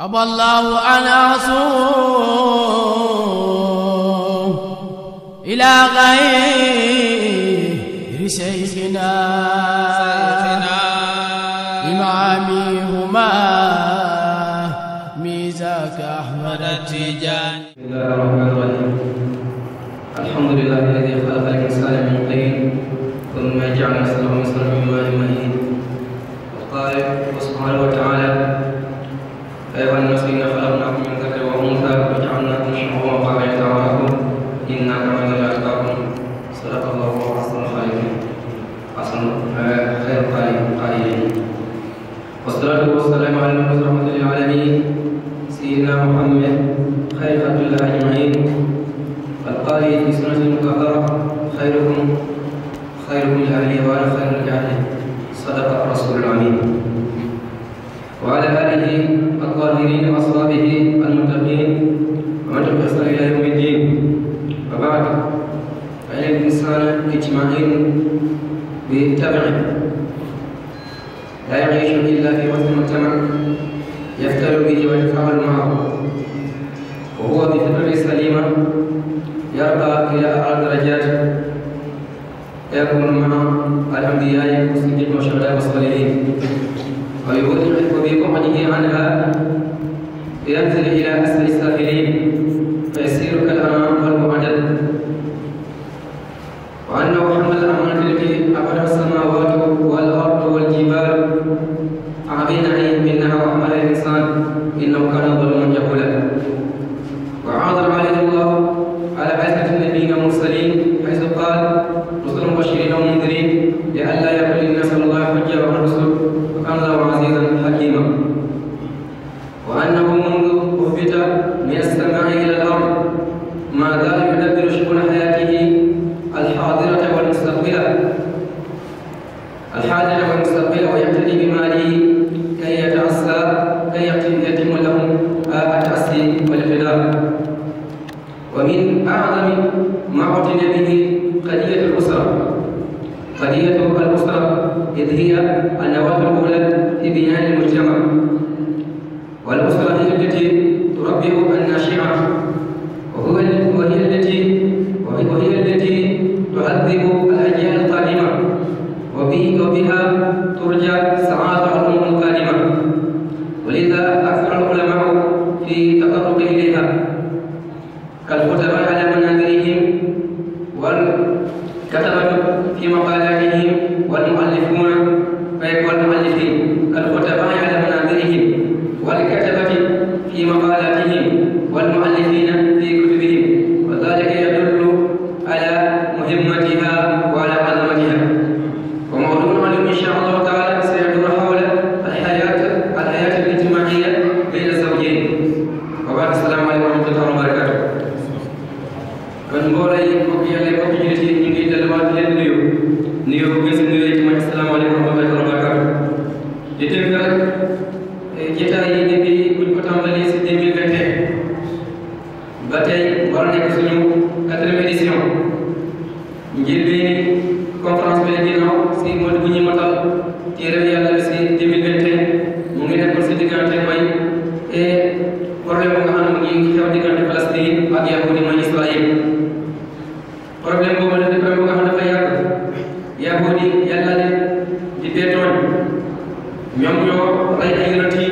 أبى الله أن أصوم إلى غير شيخنا إمامهما ميزاك أحمد التجان بسم الله الرحمن الرحيم الحمد لله الذي خلق الإنسان من طين ثم جعل نسله مصدر من ماء مهين وقال سبحانه وتعالى سيدنا محمد خير خلق الله أجمعين القاري في سنة المكفرة خيركم خيركم لأهله وأنا خير لأهله صدق الرسول العميد وعلى آله الطاهرين وأصحابه المتقين ومن تبحث إلى يوم الدين وبعد فإن الإنسان اجمعين بتبعه لا يعيش إلا في وسط المجتمع يفتر به ويتفاعل معه الكبر يرقى إلى أعلى الدرجات يكون مع الأنبياء والصديق والشهداء والصالحين وبقمعه عنها ينزل إلى أسفل السافلين فيسير 嗯。Sadri ak Yahudi mooy Israël problème boobu la di problème boo xam ne dafa yàgg Yahudi yàlla leen di dee tooñ ñoom ñoo rey ay yonent yi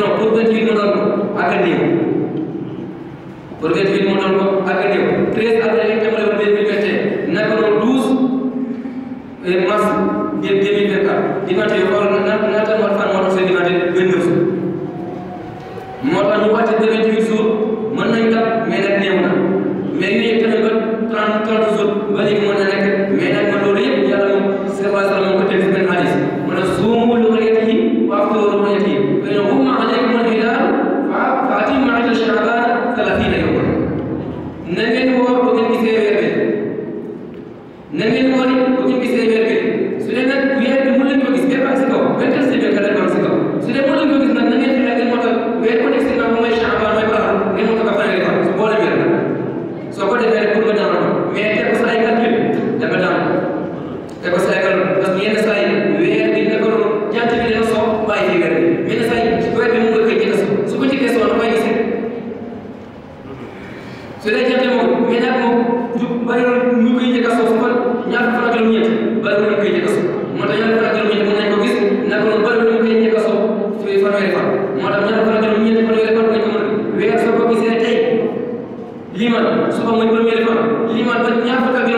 નો પૂર્વ કિલોમીટર આગળ દેવો પૂર્વ કિલોમીટર આગળ દેવો ટ્રેસ આપણે એક ટેબલ ઉપર દેવી કે છે ન કરો ડૂસ એ મસ જે દેવી કરતા દિમાગ જે suba mooy premier école liman ba ñaar fukk ak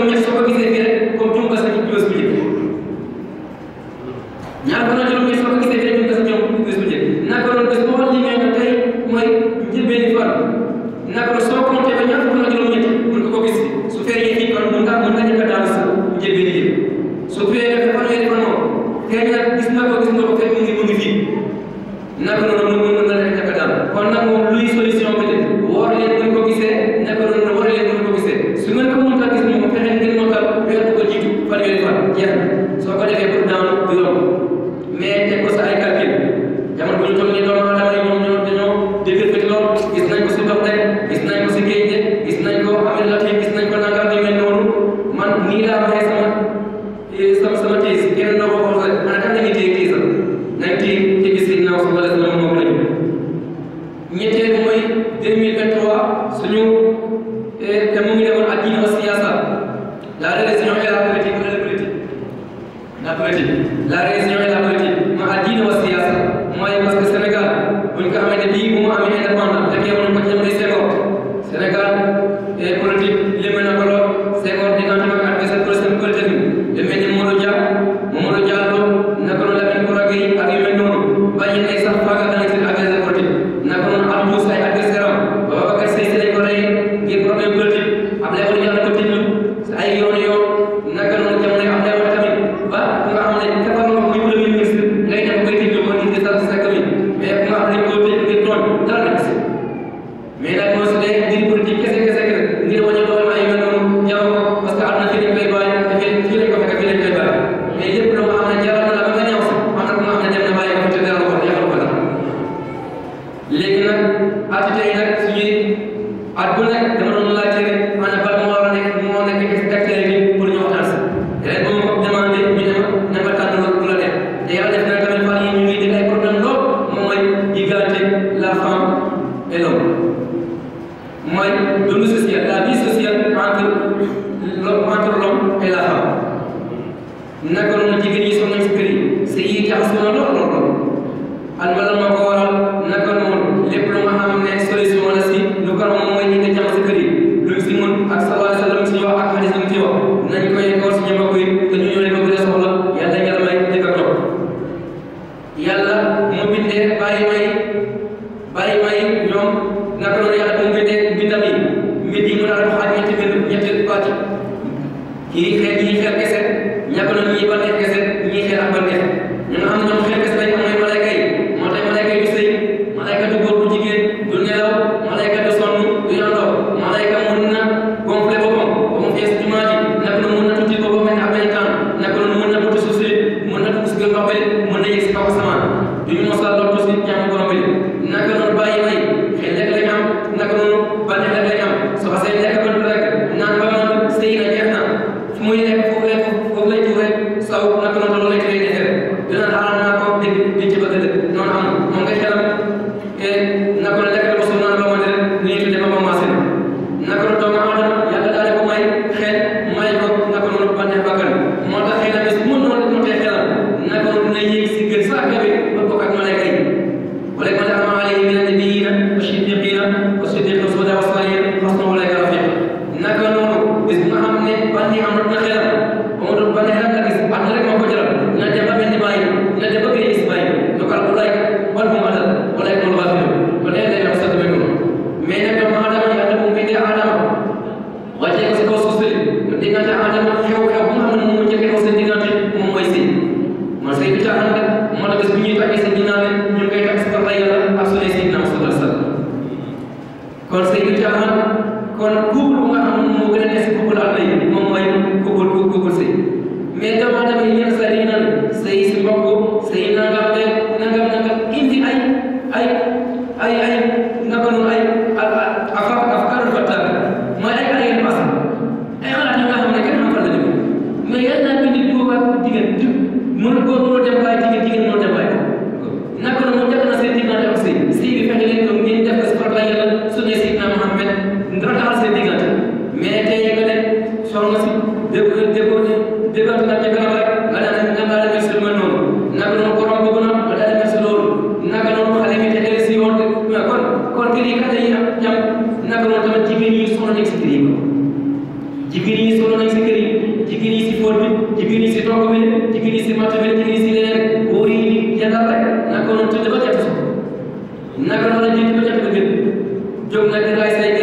jigéen ñi solo nañ si kër yi jigéen ñi si foot bi jigéen ñi si togg bi jigéen ñi si matt bi jigéen ñi si leer góor yi yàlla rek naka noonu tëdd ba jant naka noonu jiitu ba jant ba gën jóg nag dangay say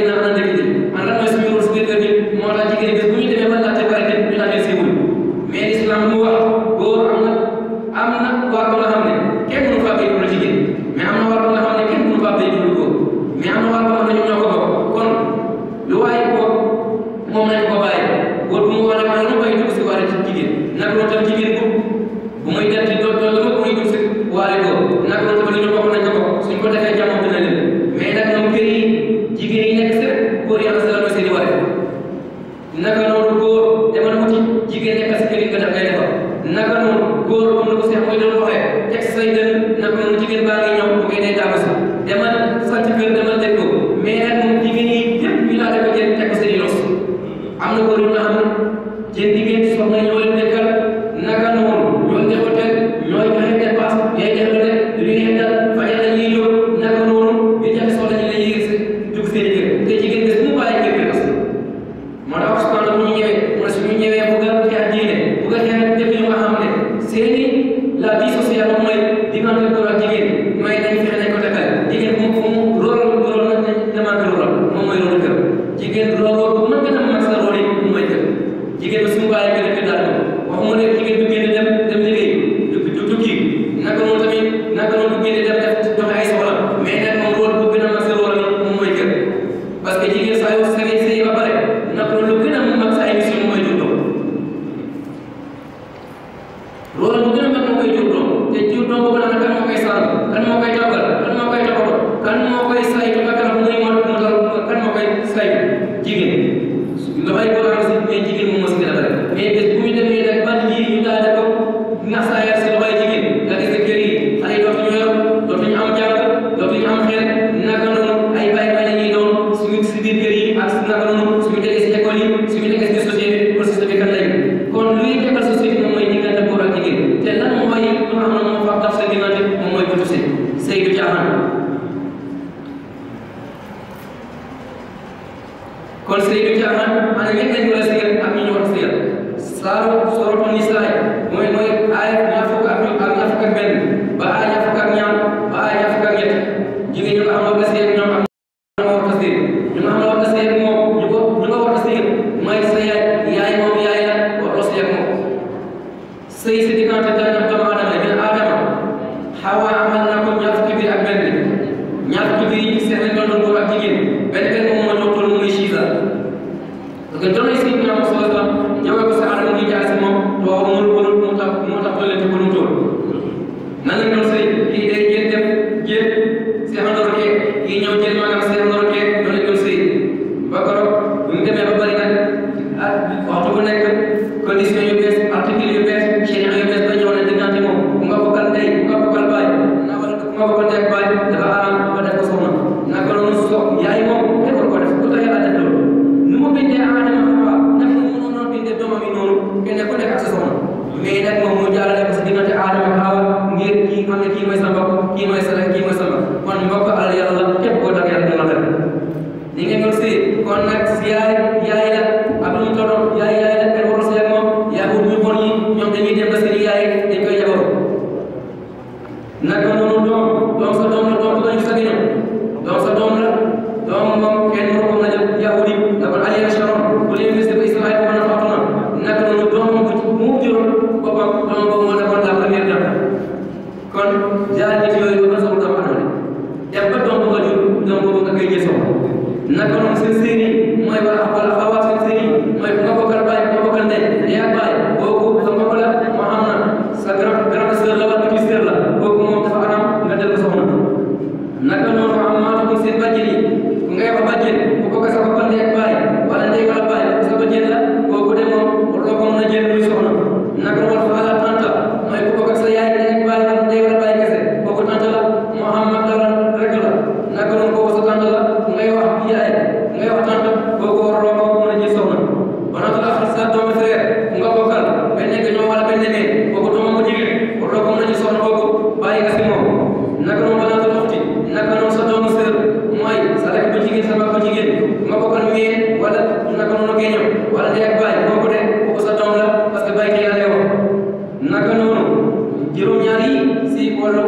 naka nonu juroom ñaari si wolo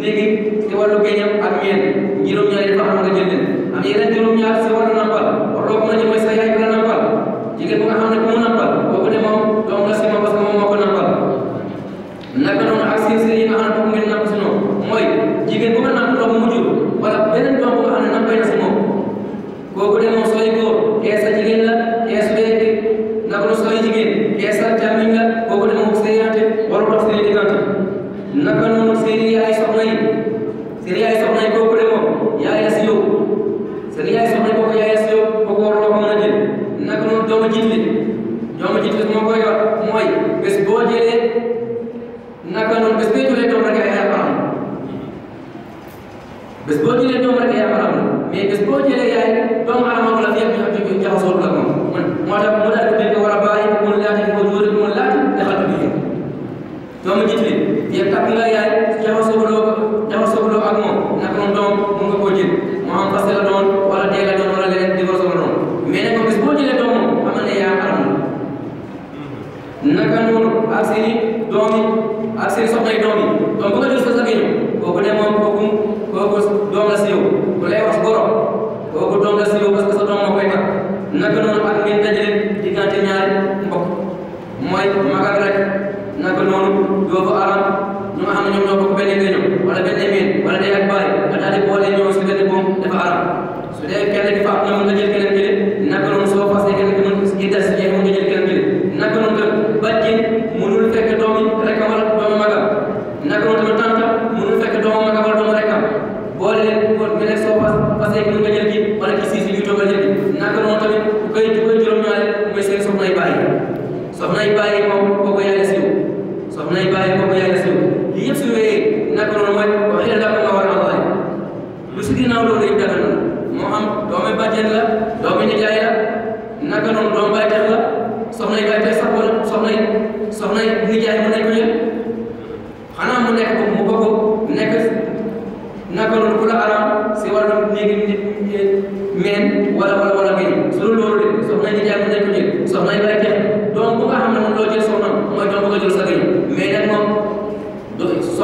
negi te wolo geñam ak ñeen juroom ñaari dafa am nga jëndel am yeneen juroom ñaar si wolo nampal wolo ko na ci moy sa yaay ko nampal jigen bu nga xam ne ko mu nampal boo ko demoom doom nga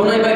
সময়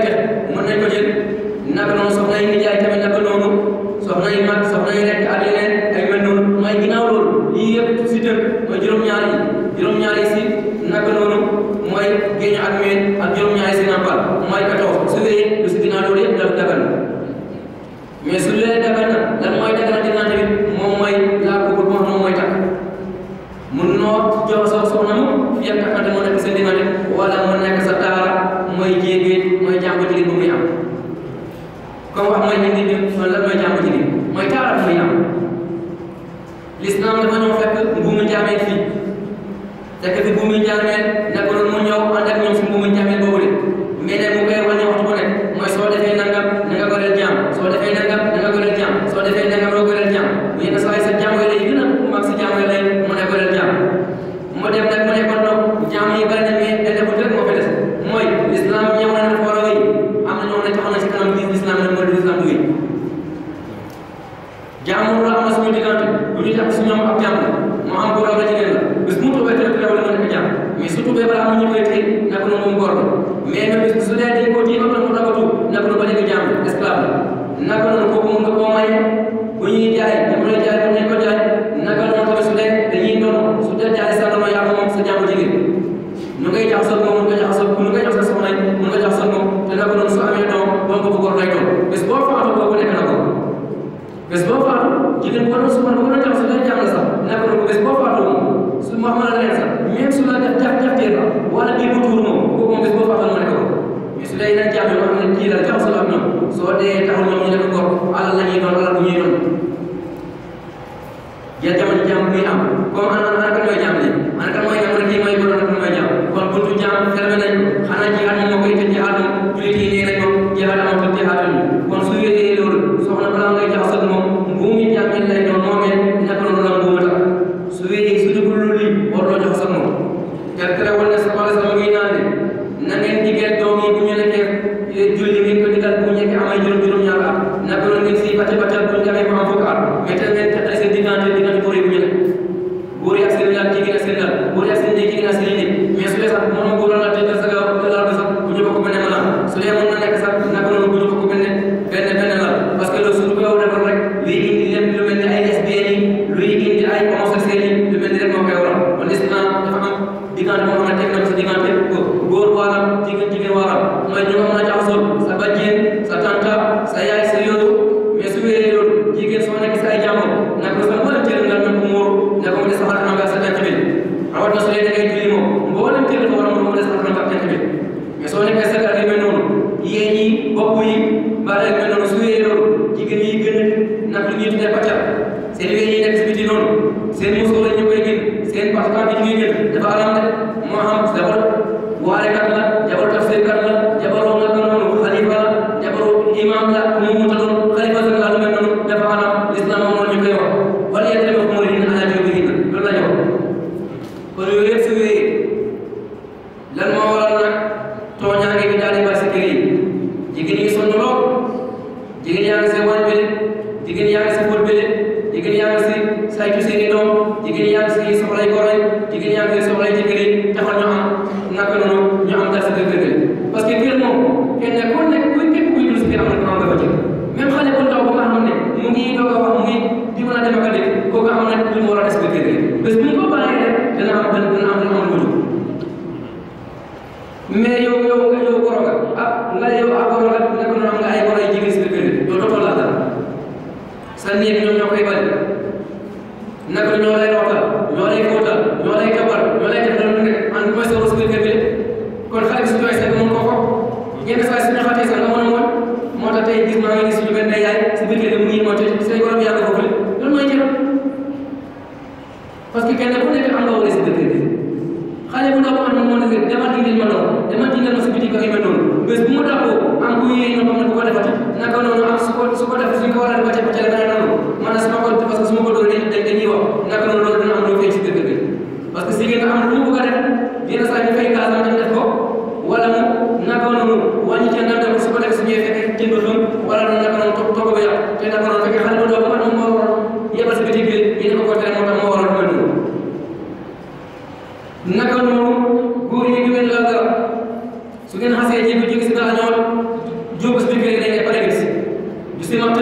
那个。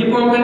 hip hop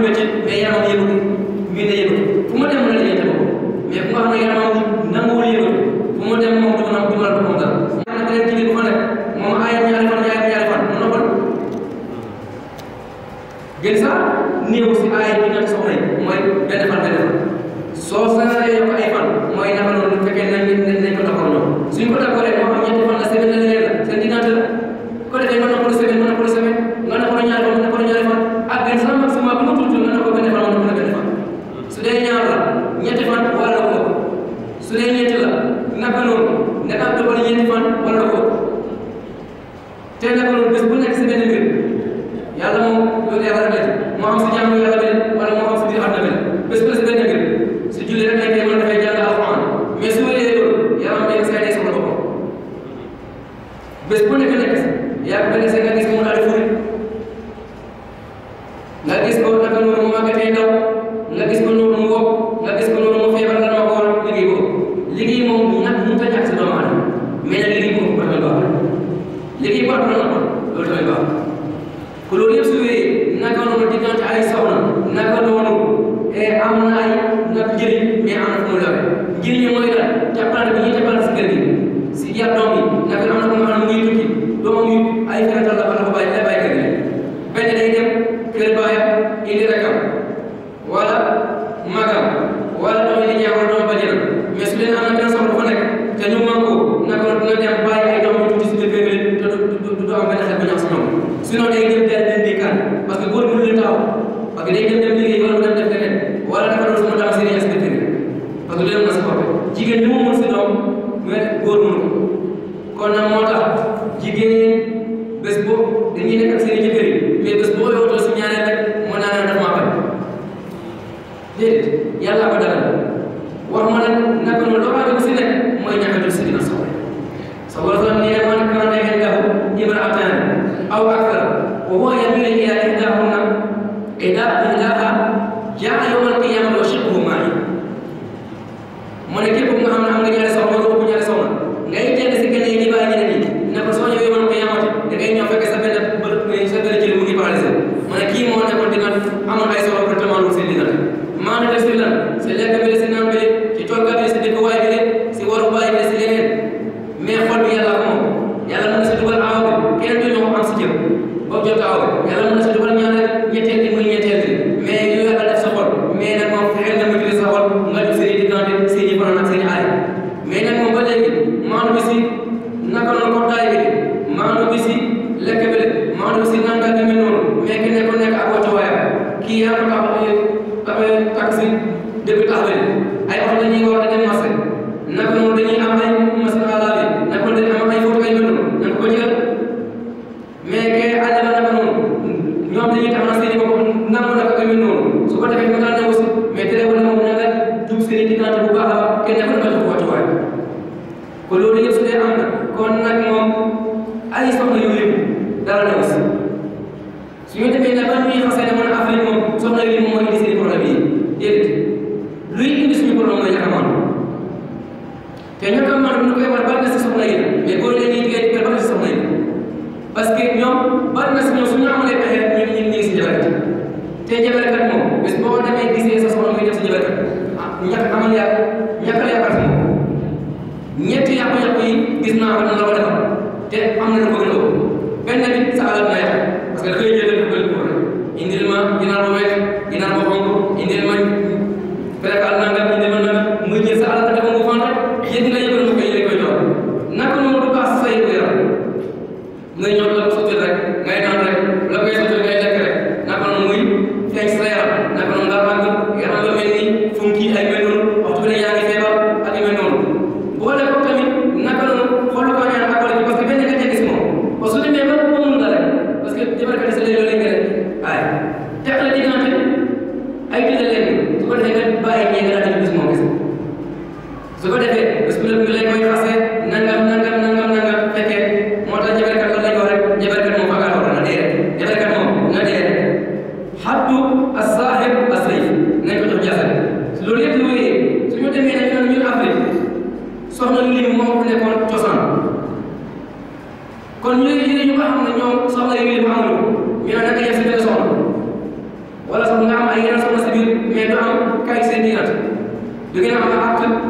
métti mais yaram yëngu ñu ne yëngu ma dem mën a liggéey te mais ku nga mais am na ay nag njëriñ mais am na fu mu lawee njëriñ mooy lan jàppalante bi ñuy jàppalante si kër gi si yar doom yi naka am na ko mu ngi tukki doomam yi ay fenêtre la Pedra, você lembra? ñàkk amal yàlla ñàkk la ñetti yàqu-yàqu yi gis naa ko dina la ko te am na lu ko gën sa alal na yàq parce que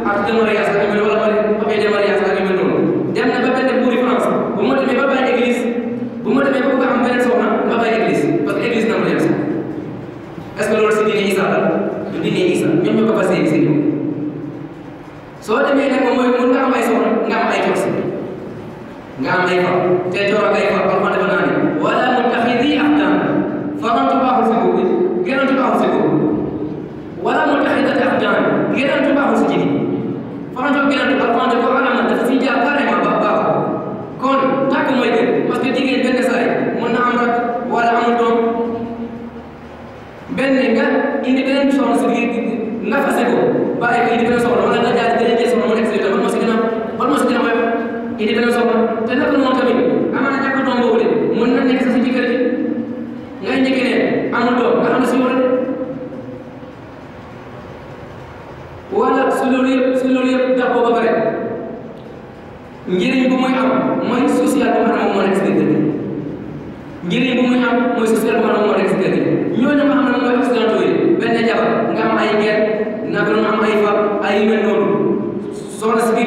ak de mariage ak numéro wala papier de mariage ak numéro noonu dem na ba benn buuri France bu ma demee ba bàyyi église bu ma demee ba bëgg am beneen soxna ba bàyyi parce que église na ma leen est ce que loolu si diine Isa la du diine Isa ñoom ñoo ko passé si ñoom soo demee nag moom mooy mun nga am ay soxna nga am ay cox nga am ay te coor ak ay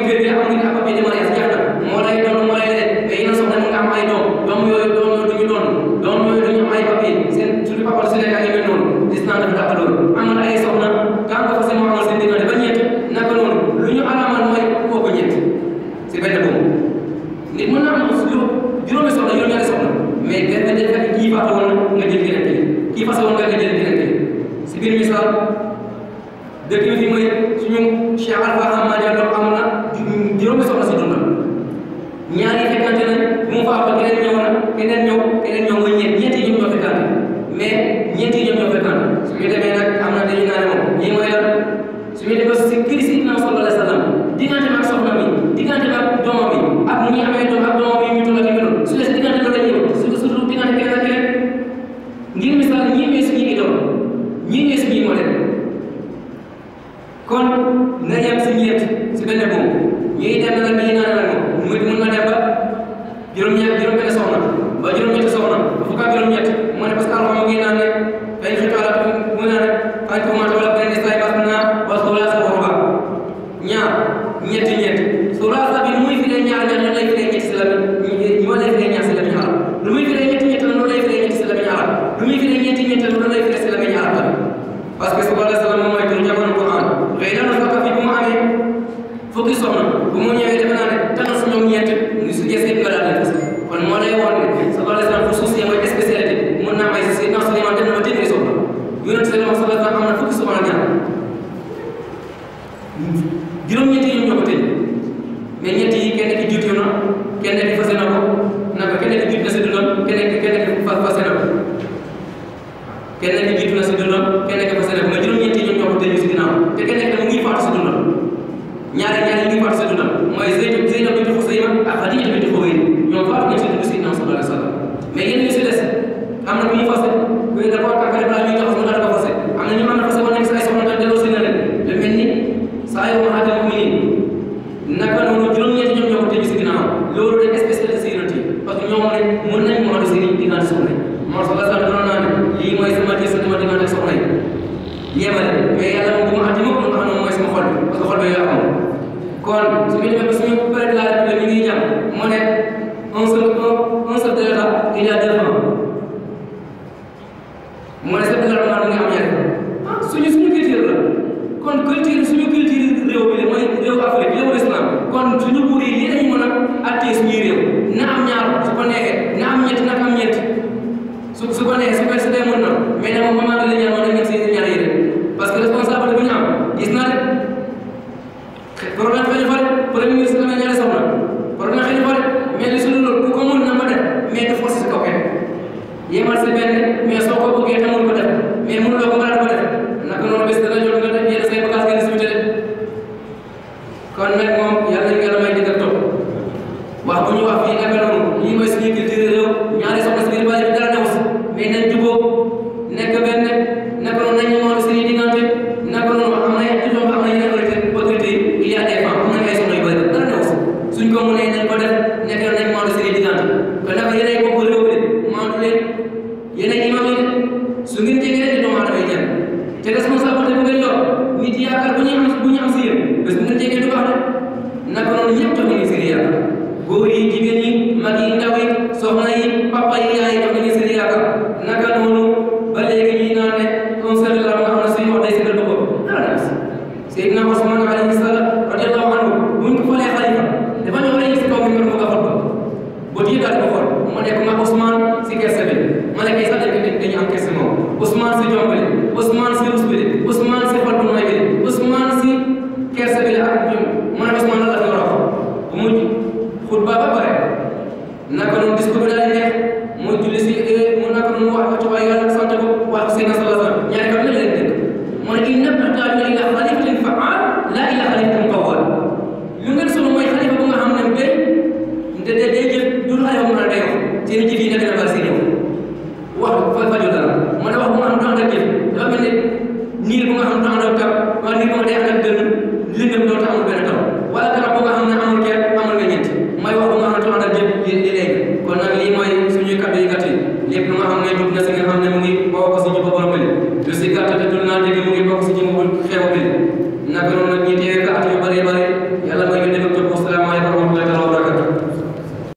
can get down jigéen yi mag yi ndaw yi soxna yi papa yi yaay yi am nañu seen yaakaar naka